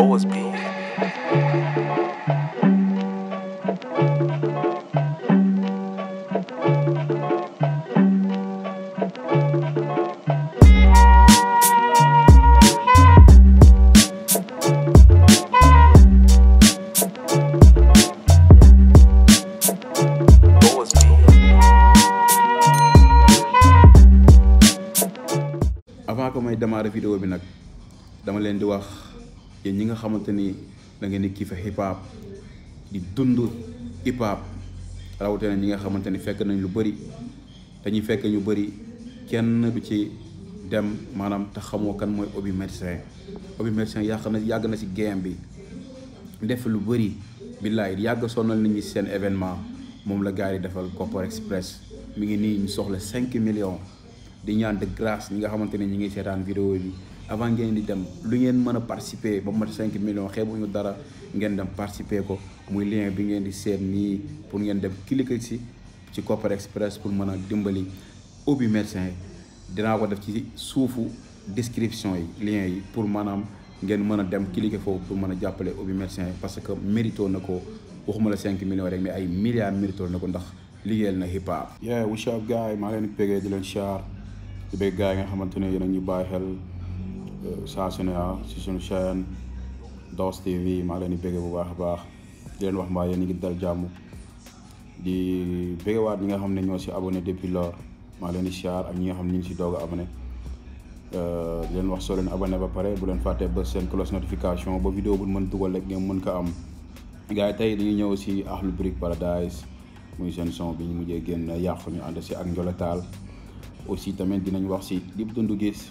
Boas be? avant que may démarrer vidéo bi yéen ñi nga xamante ni da ngeen di kii fa hip hop di dund hip hop rawatina ñi nga xamante ni fekk nañ lu bëri dañuy fekk ñu bëri kenn du ci dem maanaam te xamoo kan mooy Obi Médecin Obi Médecin yàq na yàgg na si game bi def lu bëri billaay yàgg sonal nit ñi seen événement moom la gars yi defal Kopar Express mu ngi nii ñu soxla cinq millions di ñaan de grâce ñi nga xamante ne ñi ngi seetaan vidéo bi avant ngeen di dem lu ngeen mën a participer ba mat 5 millions xeebuñu dara ngeen dem participer ko muy lien bi ngeen di seet nii pour ngeen dem cliquer si ci Kopar Express pour mën a dimbali obi médecin yi dinaa ko def ci suufu description yi lien yi pour maanaam ngeen mën a dem cliquer foofu pour mën a jàppale ubbi médecin yi parce que mérito na ko waxuma la 5 millions rek mais ay milliards mérito na ko ndax liggéeyal na hip hop. yeah what's up gars yi maa leen di pégee yi nga xamante ne yéen ñu bàyyi saa su ne ah chaîne DOS TV maa leen di bëgg bu baax a baax di leen wax mbaa yéen ngi dal jàmm di bëggewaat ñi nga xam ne ñoo si abonné depuis lors maa leen di siyaar ak ñi nga xam ne ñu ngi si doog a abonné di leen wax soo leen abonné ba pare bu leen fàtte ba seen cloche notification ba vidéo bu mën dugal rek ngeen mën ko am gars yi tey dañuy ñëw si Akhlou Brick Paradise muy seen son bi ñu mujjee génn yàqu ñu ànd si ak njoletaal aussi tamit dinañ wax si Dip Doundou Guiss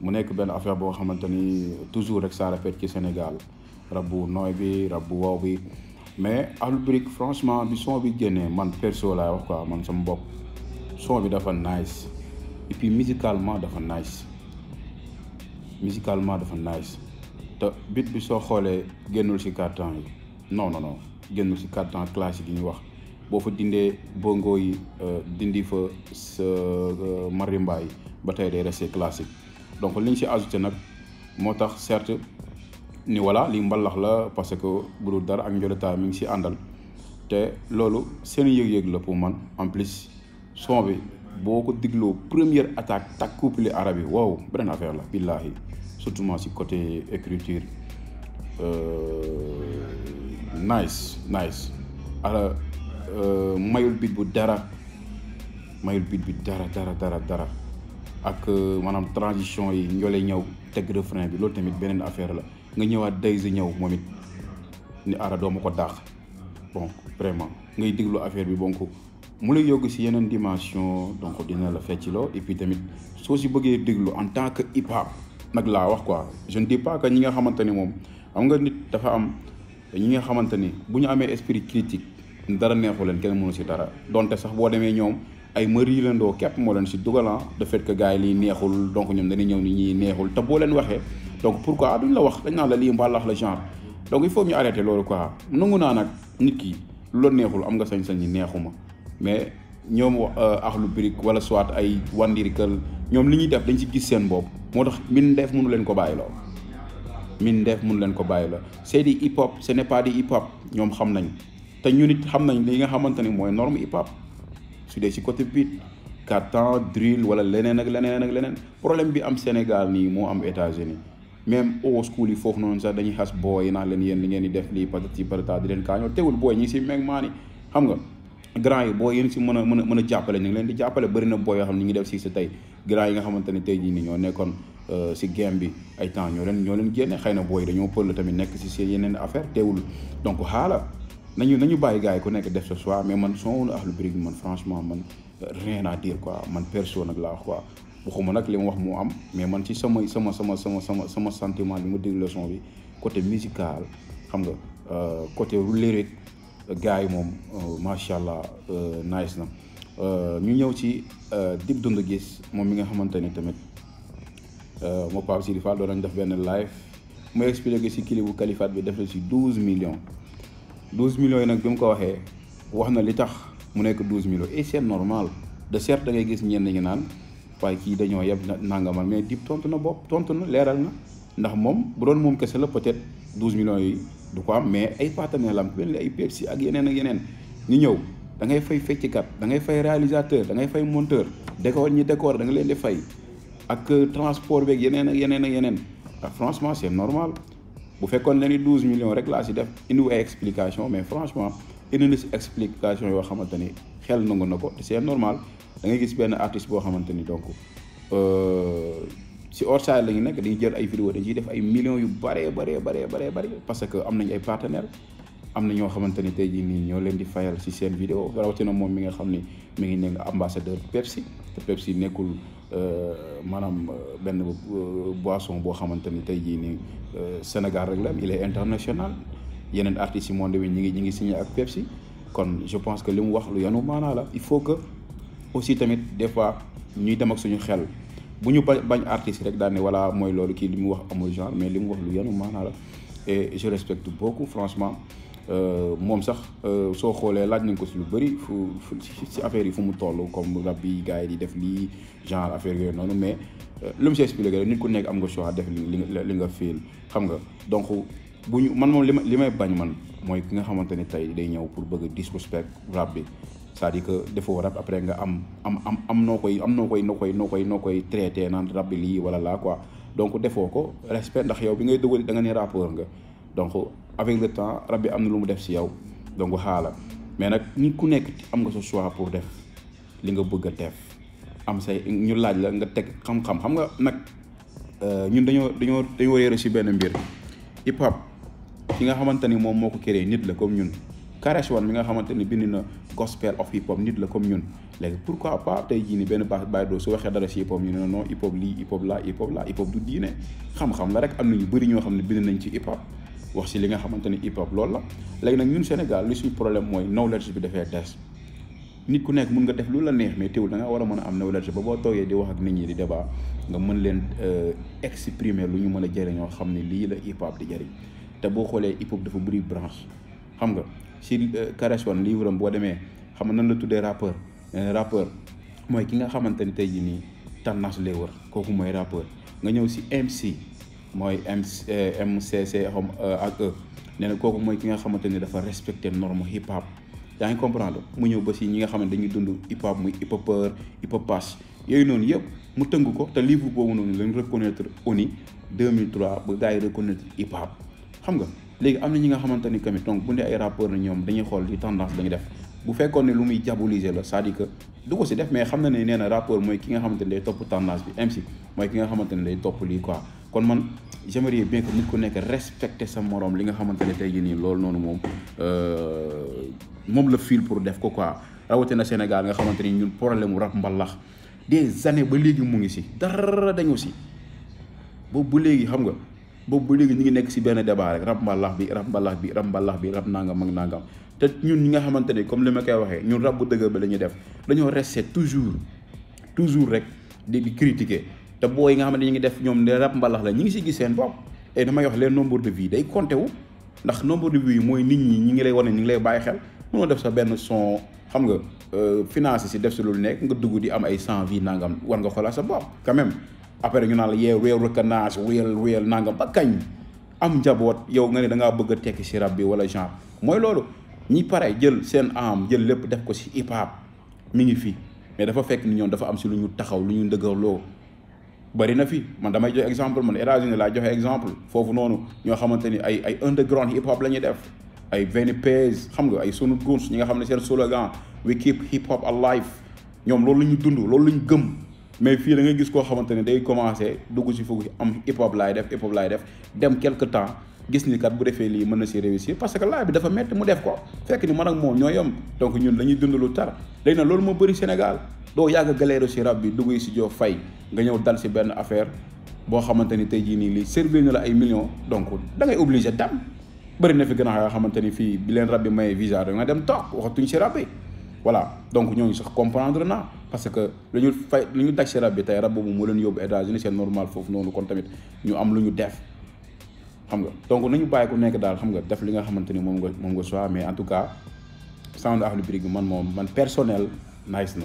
mu nekk benn affaire boo xamante toujours rek ça Sénégal Rabou bi Rabou bi mais alubrik franchement bi son bi génnee man perso laay wax quoi man son nice et puis musicalement dafa nice musicalement dafa nice te bit bi soo xoolee génnul ci quatre non non non génnul ci quatre classique yi wax boo fa marimba donc liñ ci ajouté certes ni voilà parce que bu dul ak mi ngi si pour man en plus son bi première attaque tak couple arabe waaw beneen affaire surtout côté écriture euh, nice nice ala euh, mayul bit bu dara mayul bit bi dara dara ak euh, manam transition yi njole ñew teg refrain bi lool tamit benen affaire la nga ñëwaat day ñew momit ni ara doo ko daax bon vraiment ngay diglu affaire bi bonku mu lay yóbbu si yeneen dimension donc dina la fecciloo et puis tamit soo si bëggee déglu en tant que hip hop nag laa wax quoi je ne dis pas que ñi nga xamante ni moom xam nga nit dafa am ñi nga xamante ni bu ñu amee esprit critique dara neexu leen kenn mënu si dara donte sax boo demee ñoom. ay ma riirandoo képp moo leen si dugalan ah, de fait que gars yi lii neexul donc ñoom dañuy ñëw ni ñuy neexul te boo leen waxee donc pourquoi duñ la wax dañ naan la lii mbalax la genre donc il faut ñu arrêter loolu quoi nangu naa nag nit ki lu la am nga sañ-sañ ñi neexuma mais ñoom euh, axlu birik wala soit ay wandirikal ñoom li ñuy def dañ ci gis seen bopp moo tax min def mënu leen ko bàyyi min def mënu leen ko bàyyi loo c'est di hip hop ce ñoom xam nañ te ñun it xam nañ li nga xamante ni mooy norme hip hop su dee si côté beat carton drill wala leneen ak leneen ak leneen problème bi am Sénégal nii moo am États-Unis même au school yi foofu noonu sax dañuy xas booy yi naan leen yéen li ngeen di def lii patati patata di leen kaañoo teewul booy ñi si meeg maa xam nga grand yi booy yéen si mën a mën a mën a jàppale ñu leen di jàppale bëri na booy yoo xam ne ñu ngi def si sa tey grand yi nga xamante ne tey jii ni ñoo nekkoon euh, si game bi ay temps ñoo leen ñoo leen génne xëy na booy dañoo pël tamit nekk si yeneen affaire teewul nañu nañu bàyyi gars yi ku nekk def sa soir mais man soo woon Akhlou Brick man franchement man rien à dire quoi man perso nag laa wax quoi waxuma nag li ma wax moo am mais man ci sama sama sama sama sama sama sentiment bi ma déglu leçon bi côté musical xam nga euh, côté lyrique gars yi moom euh, macha allah euh, nice na ñu ñëw ci dib Doundou gis moom mi nga xamante ni tamit moo Pape Sidi Fall doon nañ def benn live mu expliqué si kilibu kalifat bi def na si douze millions douze millions yi nag bi mu ko waxee wax na li tax mu nekk douze millions et c'est normal de certes da ngay gis ñenn ñi naan waaye kii dañoo yeb nangamal mais dib tontu na bopp tontu na leeral na ndax moom bu doon moom kese la peut-être douze millions yi du ko am mais ay partenaires la am benn ay Pepsi ak yeneen ak yeneen ñu ñëw da ngay fay fecckat da ngay fay réalisateur da ngay fay monteur décor ñi décor da nga leen di fay ak transport beeg yeneen ak yeneen ak yeneen ah, franchement c'est normal Vous faites condamner 12 millions rek la il def a explication mais franchement indi explication c'est normal da ngay gis artiste qui euh, si vidéo def millions yu vidéos parce que am ay partenaires am na ñoo ñoo leen vidéo Pepsi euh, maanaam Ben boisson boo ni Sénégal rek il est international artistes monde bi ñi Pepsi je pense que li mu wax lu yanu il faut que aussi des fois ñuy dem ak suñu xel bu ñu voilà genre mais et je respecte beaucoup franchement Euh, moom sax euh, soo xoolee laaj nañ ko si lu bëri fu si affaire yi fu mu toll comme rab bi gars yi di def lii genre affaire yooyu noonu mais euh, lu mu si expliqué nit ku nekk am nga choix def li li nga fiil xam nga donc bu ñu man li may li may bañ man mooy ki nga xamante ne tey day ñëw pour bëgg a disrespect rab bi cest à que defoo rab après nga am am am am noo koy am noo koy noo koy noo koy noo koy traité naan rab lii wala laa quoi donc defoo ko respect ndax yow bi ngay dugal da nga ne rapport nga donc. avec le temps rab bi am na lu mu def si yow donc xaala mais nag nit ku nekk am nga sa choix pour def li nga bëgg a def am sa ñu laaj la nga teg xam-xam xam nga nag euh, ñun dañoo dañoo dañoo réer si benn mbir hip hop ki nga xamante moom moo ko la comme ñun Karesh One mi nga xamante ni bind na gospel of hip hop nit la comme ñun léegi pourquoi pas tey jii ni benn baax bàyyi doo su waxee dara si hip hop ñu ne non hip hop lii hip hop laa hip hop du diine xam-xam la rek am na ñu bëri ñoo xam ne bind nañ ci hip wax si li nga xamante ni hip hop loolu la léegi nag ñun Sénégal li suñu problème mooy knowledge bi dafee des nit ku nekk mun nga def lu la neex mais teewul da nga war a am knowledge ba boo toogee di wax ak nit ñi di débat nga mën leen euh, exprimer lu ñu mën a jëriñoo xam ne la hip hop di jëriñ te boo hip hop dafa branche xam nga si Karesh euh, livre am boo xam nga la tuddee rappeur euh, rappeur mooy ki nga xamante ni tey jii nii tendance lay wër rappeur nga MC mooy MCC xom eh, eh, ak E nee na kooku mooy ki nga xamante ni dafa respecté norme hip hop yaa ngi comprendre mu ñëw ba si ñi nga xam ne dañuy dund hip hop muy hip hopeur hip yooyu noonu yëpp mu tënk ko te livre boobu noonu lañ reconnaître ONI 2003 ba gars yi reconnaître hip hop xam nga léegi am na ñi nga xamante ni tamit donc bu ne ay rappeurs na ñoom dañuy xool di tendance dañuy def bu fekkoon ne lu muy diaboliser la c'est-à-dire du ko si def mais xam na ne nee na rappeur mooy ki nga xamante ne day topp tendance bi MC mooy ki nga xamante ne day topp lii quoi j'aimerais bien que nit ku respecter sa morom li nga euh, fil pour def ko quoi Sénégal nga ñun problème des années ba mu ngi si dara dañu si boobu xam nga ngi débat rek rab bi rab bi bi te comme li ma toujours toujours critiquer. te booy nga xam ne ñu ngi def ñoom ne rap mbalax la ñi ngi si gis seen bopp et eh, damay wax leen nombre de vie day compté wu ndax nombre de vie yi nit ñi ñi ngi lay wane ñi ngi lay bàyyi xel mënoo def sa benn son xam nga euh, financé si def si lu nekk nga dugg di am ay cent vie nangam war nga xoolaa sa bopp quand même après ñu naan la yee réew reconnaissance réel réel nangam ba kañ am njaboot yow nga ne da ngaa bëgg a tekki si rab bi wala genre mooy loolu ñi pare jël seen am jël lépp def ko si hip hop mi ngi fi mais dafa fekk ni ñoom dafa am si lu ñu taxaw lu ñu ndëgërloo bëri na fi man damay jox exemple man États-Unis laa joxe exemple foofu noonu ñoo xamante ni ay ay underground hip hop la ñuy def ay Veni xam nga ay sunu guns ñi nga xam ne seen slogan we keep hip hop alive ñoom loolu la ñu dund loolu la ñu gëm mais fii da ngay gis koo xamante ne day commencé dugg si foofu am hip hop laay def hip hop laay def dem quelque temps gis ni kat bu defee lii mën na si réussir parce que laay bi dafa métti mu def ko fekk ni man ak ñoo yem donc ñun dañuy dund lu tar léegi nag loolu moo bëri Sénégal. doo yàgg galère si rab bi dugg si joo fay nga ñëw dal si benn affaire boo xamante ni tey jii nii lii servir na la ay millions donc da ngay obligé tam bëri na fi gën a yoo xamante ni fii bi leen rab bi mayee visa da nga dem toog waxatuñ si rab bi voilà donc ñooñu sax comprendre na parce que lu ñu fay lu ñu daj si rab bi tey rab boobu moo leen yóbbu États-Unis c'est normal foofu noonu kon tamit ñu am lu ñu def xam nga donc nañu bàyyi ku nekk daal xam nga def li nga xamante ni moom nga moom nga soo mais en tout cas Sound man moom man personnel nice na